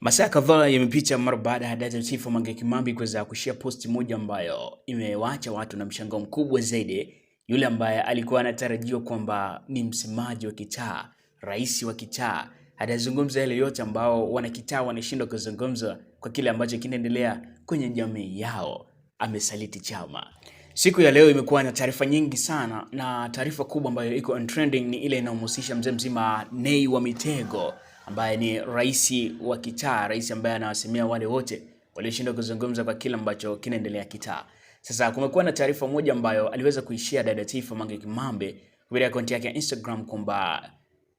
Masaa kadhaa yamepita mara baada ya dada Tifu Mange Kimambi kuweza kushia posti moja ambayo imewaacha watu na mshangao mkubwa zaidi. Yule ambaye alikuwa anatarajiwa kwamba ni msemaji wa kitaa, rais wa kitaa, atazungumza yale yote ambao wanakitaa wanashindwa kuzungumza kwa kile ambacho kinaendelea kwenye jamii yao, amesaliti chama. Siku ya leo imekuwa na taarifa nyingi sana, na taarifa kubwa ambayo iko on trending ni ile inayomhusisha mzee mzima Nay wa Mitego ambaye ni rais wa kitaa, rais ambaye anawasemea wale wote walioshindwa kuzungumza kwa kile ambacho kinaendelea kitaa. Sasa kumekuwa na taarifa moja ambayo aliweza kuishia dada Taifa Mange Kimambe kupitia akaunti yake ya Instagram kwamba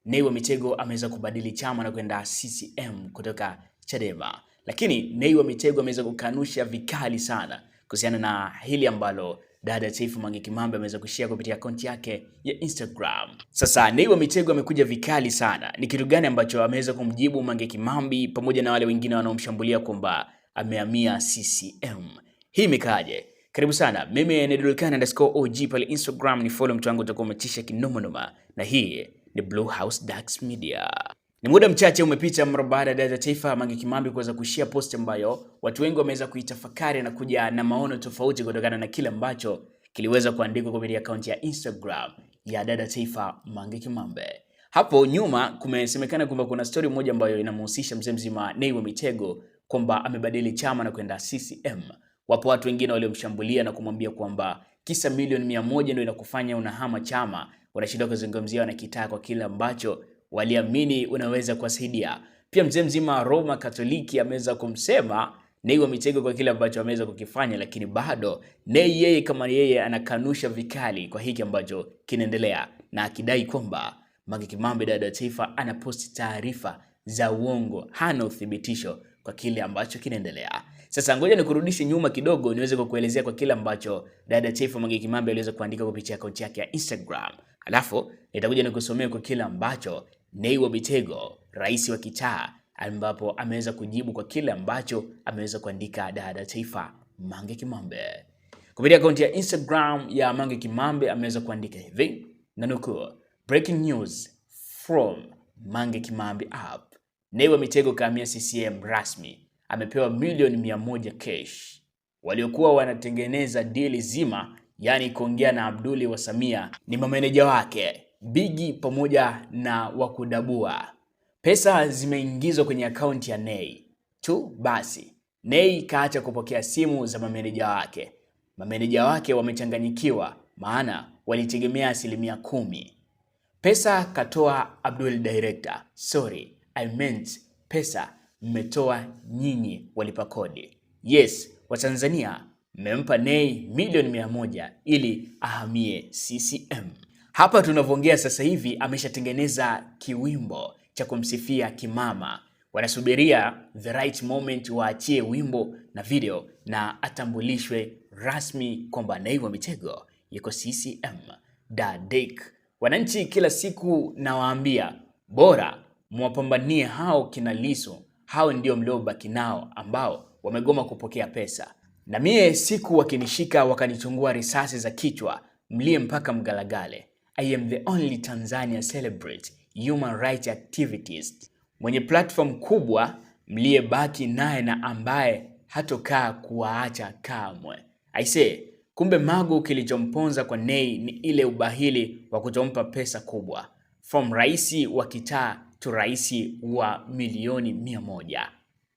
neiwa wa Mitego ameweza kubadili chama na kwenda CCM kutoka Chadema, lakini neiwa wa Mitego ameweza kukanusha vikali sana kuhusiana na hili ambalo dada ya Mange Kimambi ameweza kushare kupitia akaunti yake ya Instagram. Sasa Nay Mitego amekuja vikali sana. Ni kitu gani ambacho ameweza kumjibu Mange Kimambi pamoja na wale wengine wanaomshambulia kwamba amehamia CCM? Hii imekaje? Karibu sana. Mimi ni Dulkan underscore OG pale Instagram, ni follow mtu wangu utakuwa umetisha kinomanoma, na hii ni Blue House Dax Media. Ni muda mchache umepita mara baada ya dada taifa Mange Kimambi kuweza kushia post ambayo watu wengi wameweza kuitafakari na kuja na maono tofauti kutokana na kile ambacho kiliweza kuandikwa kupitia akaunti ya Instagram ya dada taifa Mange Kimambe. Hapo nyuma kumesemekana kwamba kuna story moja ambayo inamhusisha mzee mzima Nay Mitego kwamba amebadili chama na kwenda CCM. Wapo watu wengine waliomshambulia na kumwambia kwamba kisa milioni mia moja ndio inakufanya unahama chama, wanashindwa kuzungumzia na kitaa kwa kile ambacho waliamini unaweza kuwasaidia. Pia mzee mzima Roma Katoliki ameweza kumsema Nay wa Mitego kwa kile ambacho ameweza kukifanya, lakini bado Nei yeye kama yeye anakanusha vikali kwa hiki ambacho kinaendelea, na akidai kwamba Mange Kimambe dada taifa anaposti taarifa za uongo, hana uthibitisho kwa kile ambacho kinaendelea. Sasa ngoja nikurudishe nyuma kidogo niweze kukuelezea kwa kile ambacho dada taifa Mange Kimambe aliweza kuandika kupitia akaunti yake ya Instagram, alafu nitakuja nikusomea kwa kile ambacho Neiwa Bitego, rais wa kitaa, ambapo ameweza kujibu kwa kile ambacho ameweza kuandika dada taifa Mange Kimambe. Kupitia akaunti ya Instagram ya Mange Kimambe ameweza kuandika hivi na nukuu, breaking news from Mange Kimambe app. Neiwa Bitego kahamia CCM rasmi, amepewa milioni mia moja cash. Waliokuwa wanatengeneza dili zima, yaani kuongea na Abduli wa Samia ni mameneja wake Bigi pamoja na Wakudabua. Pesa zimeingizwa kwenye akaunti ya Nay tu basi. Nay kaacha kupokea simu za mameneja wake. Mameneja wake wamechanganyikiwa, maana walitegemea asilimia kumi. Pesa katoa Abdul Director. Sorry, I meant pesa mmetoa nyinyi walipa kodi. Yes, Watanzania mmempa Nay milioni mia moja ili ahamie CCM. Hapa tunavyoongea sasa hivi ameshatengeneza kiwimbo cha kumsifia Kimama, wanasubiria the right moment waachie wimbo na video na atambulishwe rasmi kwamba Naiva Mitego yuko CCM Dick, Wananchi kila siku nawaambia, bora mwapambanie hao kina Lissu, hao ndio mliobaki nao ambao wamegoma kupokea pesa. Na mie siku wakinishika wakanichungua risasi za kichwa, mlie mpaka mgalagale I am the only Tanzania celebrate human rights activist mwenye platform kubwa mliyebaki naye na ambaye hatokaa kuwaacha kamwe. say, kumbe Magu kilichomponza kwa Nay ni ile ubahili wa kutompa pesa kubwa, from raisi wa kitaa to raisi wa milioni mia moja.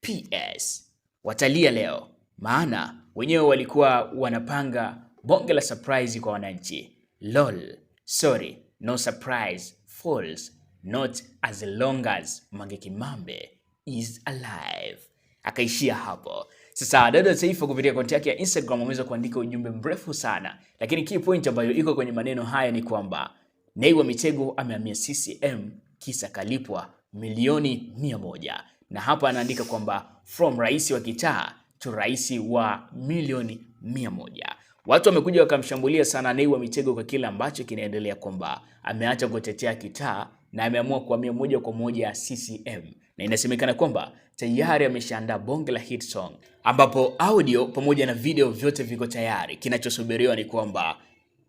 PS, watalia leo, maana wenyewe walikuwa wanapanga bonge la surprise kwa wananchi. Lol. Sorry, no surprise, false not as long as Mange Kimambe is alive. Akaishia hapo. Sasa dada wa taifa kupitia akaunti yake ya Instagram ameweza kuandika ujumbe mrefu sana, lakini key point ambayo iko kwenye maneno haya ni kwamba neiwa Mitego amehamia CCM kisa kalipwa milioni mia moja na hapa anaandika kwamba from rais wa kitaa to rais wa milioni mia moja. Watu wamekuja wakamshambulia sana Nay wa Mitego kwa kile ambacho kinaendelea kwamba ameacha kutetea kitaa na ameamua kuhamia moja kwa moja CCM na inasemekana kwamba tayari ameshaandaa bonge la hit song ambapo audio pamoja na video vyote viko tayari. Kinachosubiriwa ni kwamba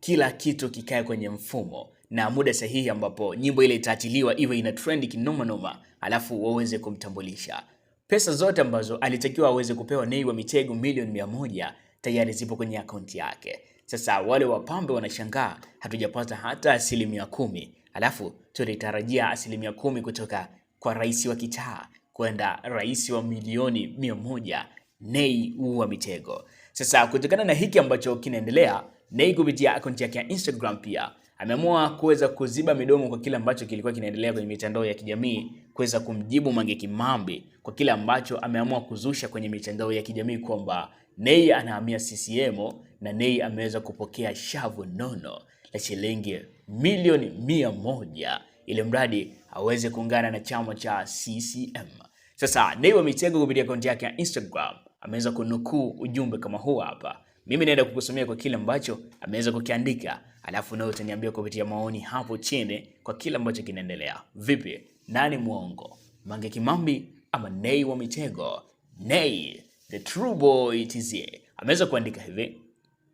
kila kitu kikae kwenye mfumo na muda sahihi ambapo nyimbo ile itaachiliwa iwe ina trend kinoma noma, alafu waweze kumtambulisha. Pesa zote ambazo alitakiwa aweze kupewa Nay wa Mitego milioni mia moja tayari zipo kwenye akaunti yake. Sasa wale wapambe wanashangaa, hatujapata hata asilimia kumi, alafu tulitarajia asilimia kumi kutoka kwa rais wa kitaa kwenda rais wa milioni mia moja Nay wa Mitego. Sasa kutokana na hiki ambacho kinaendelea Nay kupitia akaunti yake ya Instagram pia ameamua kuweza kuziba midomo kwa kile ambacho kilikuwa kinaendelea kwenye mitandao ya kijamii, kuweza kumjibu Mange Kimambi kwa kile ambacho ameamua kuzusha kwenye mitandao ya kijamii kwamba Nay anahamia CCM na Nay ameweza kupokea shavu nono la shilingi milioni mia moja ili mradi aweze kuungana na chama cha CCM. Sasa Nay wa Mitego kupitia akaunti yake ya Instagram ameweza kunukuu ujumbe kama huu hapa mimi naenda kukusomea kwa kile ambacho ameweza kukiandika, alafu nawe utaniambia kupitia maoni hapo chini kwa kile ambacho kinaendelea. Vipi, nani mwongo, Mange Kimambi ama Nay wa Mitego? Nay the true boy TZ ameweza kuandika hivi: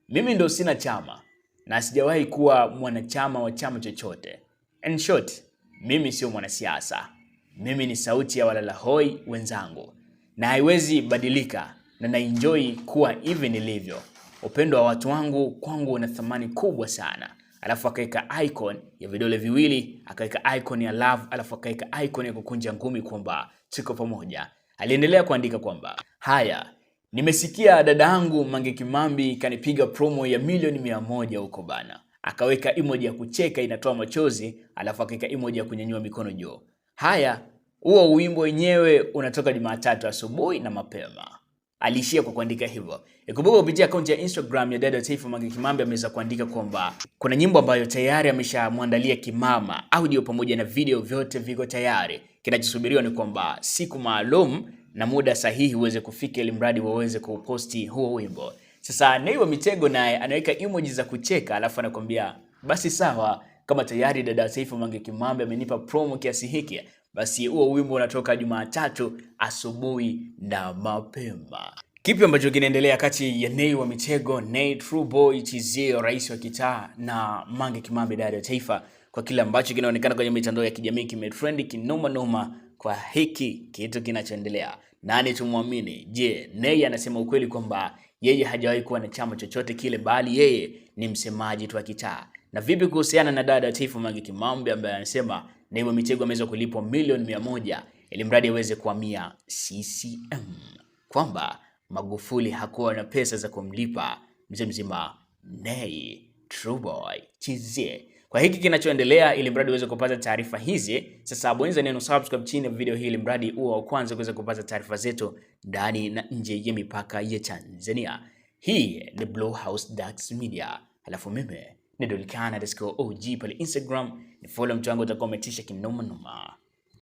mimi ndo sina chama na sijawahi kuwa mwanachama wa chama chochote. In short, mimi sio mwanasiasa, mimi ni sauti ya walala hoi wenzangu, na haiwezi badilika na naenjoy kuwa hivi nilivyo upendo wa watu wangu kwangu una thamani kubwa sana. Alafu akaweka icon ya vidole viwili, akaweka icon ya love, alafu akaweka icon ya kukunja ngumi kwamba tuko pamoja. Aliendelea kuandika kwamba haya, nimesikia dada yangu Mange Kimambi kanipiga promo ya milioni mia moja huko bana. Akaweka emoji ya kucheka inatoa machozi, alafu akaweka emoji ya kunyanyua mikono juu. Haya, huo wimbo wenyewe unatoka Jumatatu asubuhi na mapema aliishia kwa kuandika hivyo. Ikumbuka kupitia akaunti ya Instagram ya dada Taifa Mange Kimambi ameweza kuandika kwamba kuna nyimbo ambayo tayari ameshamwandalia Kimama, audio pamoja na video vyote viko tayari. Kinachosubiriwa ni kwamba siku maalum na muda sahihi uweze kufika ili mradi waweze kuposti huo wimbo. Sasa Nay wa Mitego naye anaweka emoji za kucheka, alafu anakwambia basi sawa, kama tayari dada Taifa Mange Kimambi amenipa promo kiasi hiki, basi huo wimbo unatoka Jumatatu asubuhi na mapema. Kipi ambacho kinaendelea kati ya Nay wa Mitego, Nay True Boy, Chizio rais wa kitaa na Mange Kimambe dada ya taifa, kwa kile ambacho kinaonekana kwenye mitandao ya kijamii kimetrendi kinoma noma kwa hiki kitu kinachoendelea. Nani tumwamini? Je, Nay anasema ukweli kwamba yeye hajawahi kuwa na chama chochote kile, bali yeye ni msemaji tu wa kitaa? Na vipi kuhusiana na dada wa taifa Mange Kimambe ambaye anasema na hivyo Mitego ameweza kulipwa milioni mia moja ili mradi aweze kuhamia CCM, kwamba Magufuli hakuwa na pesa za kumlipa mzee mzima Nay True Boy chizie. Kwa hiki kinachoendelea, ili mradi uweze kupata taarifa hizi, sasa bonyeza neno subscribe chini ya video hii, ili mradi uwe wa kwanza kuweza kupata taarifa zetu ndani na nje ya mipaka ya Tanzania. Hii ni Blue House Dax Media, alafu mimi ni Dolkana OG pale Instagram ni follow mtu wangu utakuwa umetisha kinoma